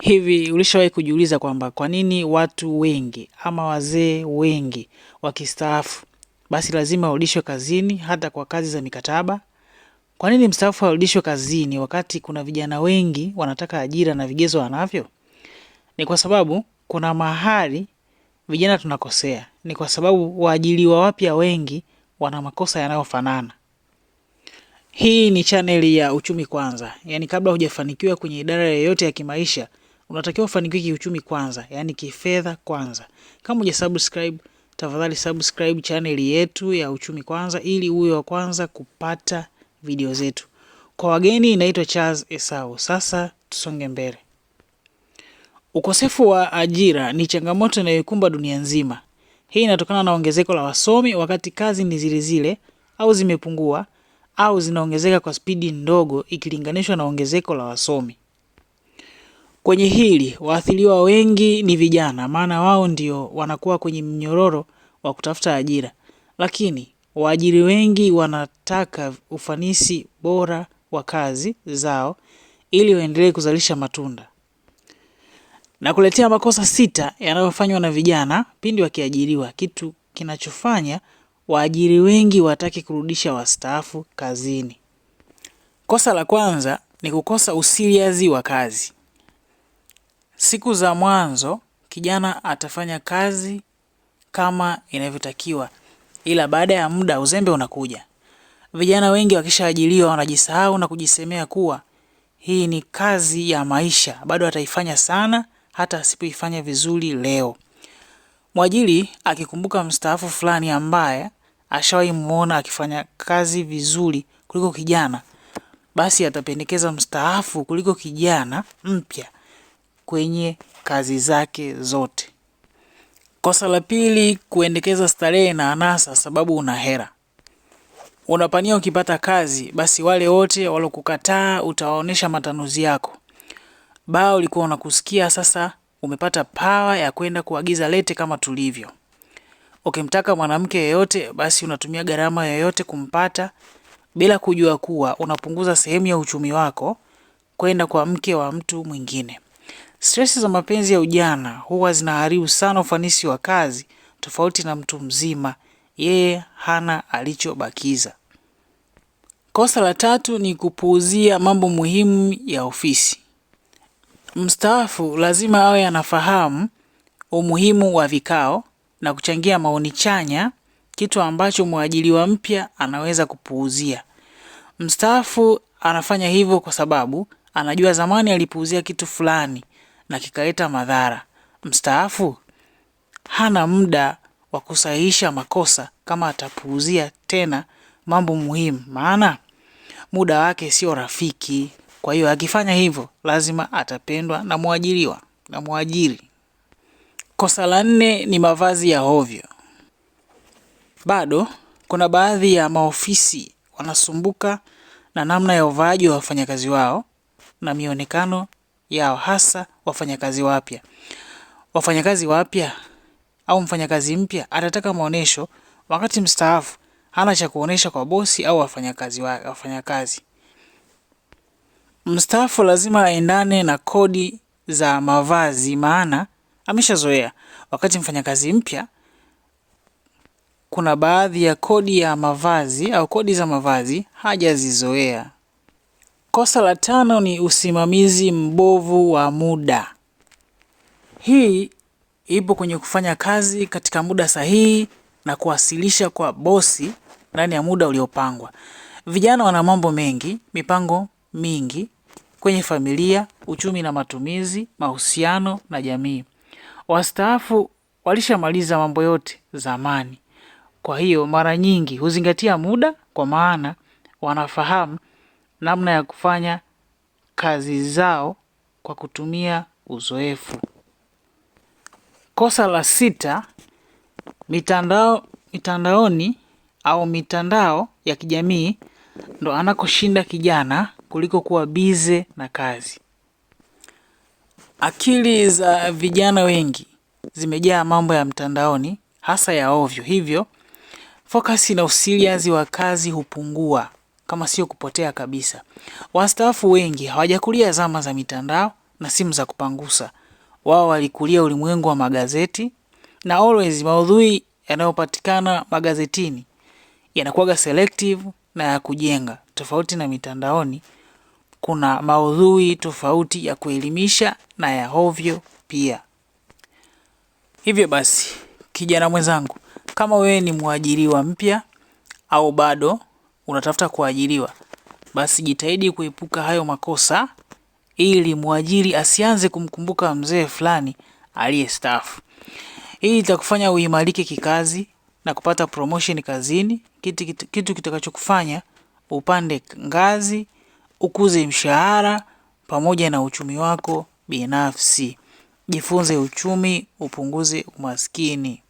Hivi ulishawahi kujiuliza kwamba kwa nini watu wengi ama wazee wengi wakistaafu basi lazima warudishwe kazini hata kwa kazi za mikataba? Kwa nini mstaafu arudishwe kazini wakati kuna vijana wengi wanataka ajira na vigezo wanavyo? Ni kwa sababu kuna mahali vijana tunakosea. Ni kwa sababu waajiliwa wapya wengi wana makosa yanayofanana. Hii ni chaneli ya Uchumi Kwanza. Yaani kabla hujafanikiwa kwenye idara yoyote ya kimaisha, unatakiwa ufanikiwe kiuchumi kwanza, yani kifedha kwanza. Kama hujasubscribe, tafadhali subscribe channel yetu ya Uchumi Kwanza ili uwe wa kwanza kupata video zetu. Kwa wageni, inaitwa Charles Esau. Sasa tusonge mbele. Ukosefu wa ajira ni changamoto inayoikumba dunia nzima. Hii inatokana na ongezeko la wasomi, wakati kazi ni zile zile au zimepungua au zinaongezeka kwa spidi ndogo ikilinganishwa na ongezeko la wasomi. Kwenye hili waathiriwa wengi ni vijana, maana wao ndio wanakuwa kwenye mnyororo wa kutafuta ajira, lakini waajiri wengi wanataka ufanisi bora wa kazi zao ili waendelee kuzalisha matunda. Na kuletea makosa sita yanayofanywa na vijana pindi wakiajiriwa, kitu kinachofanya waajiri wengi wataki kurudisha wastaafu kazini. Kosa la kwanza ni kukosa usiriazi wa kazi. Siku za mwanzo kijana atafanya kazi kama inavyotakiwa, ila baada ya muda uzembe unakuja. Vijana wengi wakishaajiliwa wanajisahau na kujisemea kuwa hii ni kazi ya maisha, bado ataifanya sana hata asipoifanya vizuri leo. Mwajiri akikumbuka mstaafu fulani ambaye ashawahi muona akifanya kazi vizuri kuliko kijana, basi atapendekeza mstaafu kuliko kijana mpya kwenye kazi zake zote. Kosa la pili, kuendekeza starehe na anasa sababu una hera. Unapania ukipata kazi, basi wale wote walokukataa utawaonesha matanuzi yako. Baa ulikuwa unakusikia, sasa umepata pawa ya kwenda kuagiza lete kama tulivyo. Ukimtaka mwanamke yeyote, basi unatumia gharama yoyote kumpata bila kujua kuwa unapunguza sehemu ya uchumi wako kwenda kwa mke wa mtu mwingine. Stresi za mapenzi ya ujana huwa zinaharibu sana ufanisi wa kazi, tofauti na mtu mzima, yeye hana alichobakiza. Kosa la tatu ni kupuuzia mambo muhimu ya ofisi. Mstaafu lazima awe anafahamu umuhimu wa vikao na kuchangia maoni chanya, kitu ambacho mwajiliwa mpya anaweza kupuuzia. Mstaafu anafanya hivyo kwa sababu anajua zamani alipuuzia kitu fulani, na kikaleta madhara. Mstaafu hana muda wa kusahihisha makosa kama atapuuzia tena mambo muhimu, maana muda wake sio rafiki. Kwa hiyo akifanya hivyo lazima atapendwa na mwajiriwa na mwajiri. Kosa la nne ni mavazi ya hovyo. Bado kuna baadhi ya maofisi wanasumbuka na namna ya uvaaji wa wafanyakazi wao na mionekano yao, hasa wafanyakazi wapya. Wafanyakazi wapya au mfanyakazi mpya atataka maonesho, wakati mstaafu hana cha kuonesha kwa bosi au wafanyakazi wake. Wafanyakazi mstaafu lazima aendane na kodi za mavazi, maana ameshazoea, wakati mfanyakazi mpya kuna baadhi ya kodi ya mavazi au kodi za mavazi hajazizoea. Kosa la tano ni usimamizi mbovu wa muda. Hii ipo kwenye kufanya kazi katika muda sahihi na kuwasilisha kwa bosi ndani ya muda uliopangwa. Vijana wana mambo mengi, mipango mingi kwenye familia, uchumi na matumizi, mahusiano na jamii. Wastaafu walishamaliza mambo yote zamani. Kwa hiyo mara nyingi huzingatia muda kwa maana wanafahamu namna ya kufanya kazi zao kwa kutumia uzoefu. Kosa la sita, mitandao mitandaoni au mitandao ya kijamii ndo anakoshinda kijana kuliko kuwa bize na kazi. Akili za vijana wengi zimejaa mambo ya mtandaoni hasa ya ovyo, hivyo fokasi na usiliazi wa kazi hupungua kama sio kupotea kabisa. Wastaafu wengi hawajakulia zama za mitandao na simu za kupangusa. Wao walikulia ulimwengu wa magazeti na always maudhui yanayopatikana magazetini yanakuwaga selective na ya kujenga, tofauti na mitandaoni. Kuna maudhui tofauti ya kuelimisha na ya hovyo pia. Hivyo basi, kijana mwenzangu, kama wewe ni mwajiriwa mpya au bado unatafuta kuajiriwa, basi jitahidi kuepuka hayo makosa ili mwajiri asianze kumkumbuka mzee fulani aliye aliyestaafu. Hii itakufanya uimarike kikazi na kupata promotion kazini, kitu, kitu, kitu kitakachokufanya upande ngazi, ukuze mshahara pamoja na uchumi wako binafsi. Jifunze uchumi, upunguze umaskini.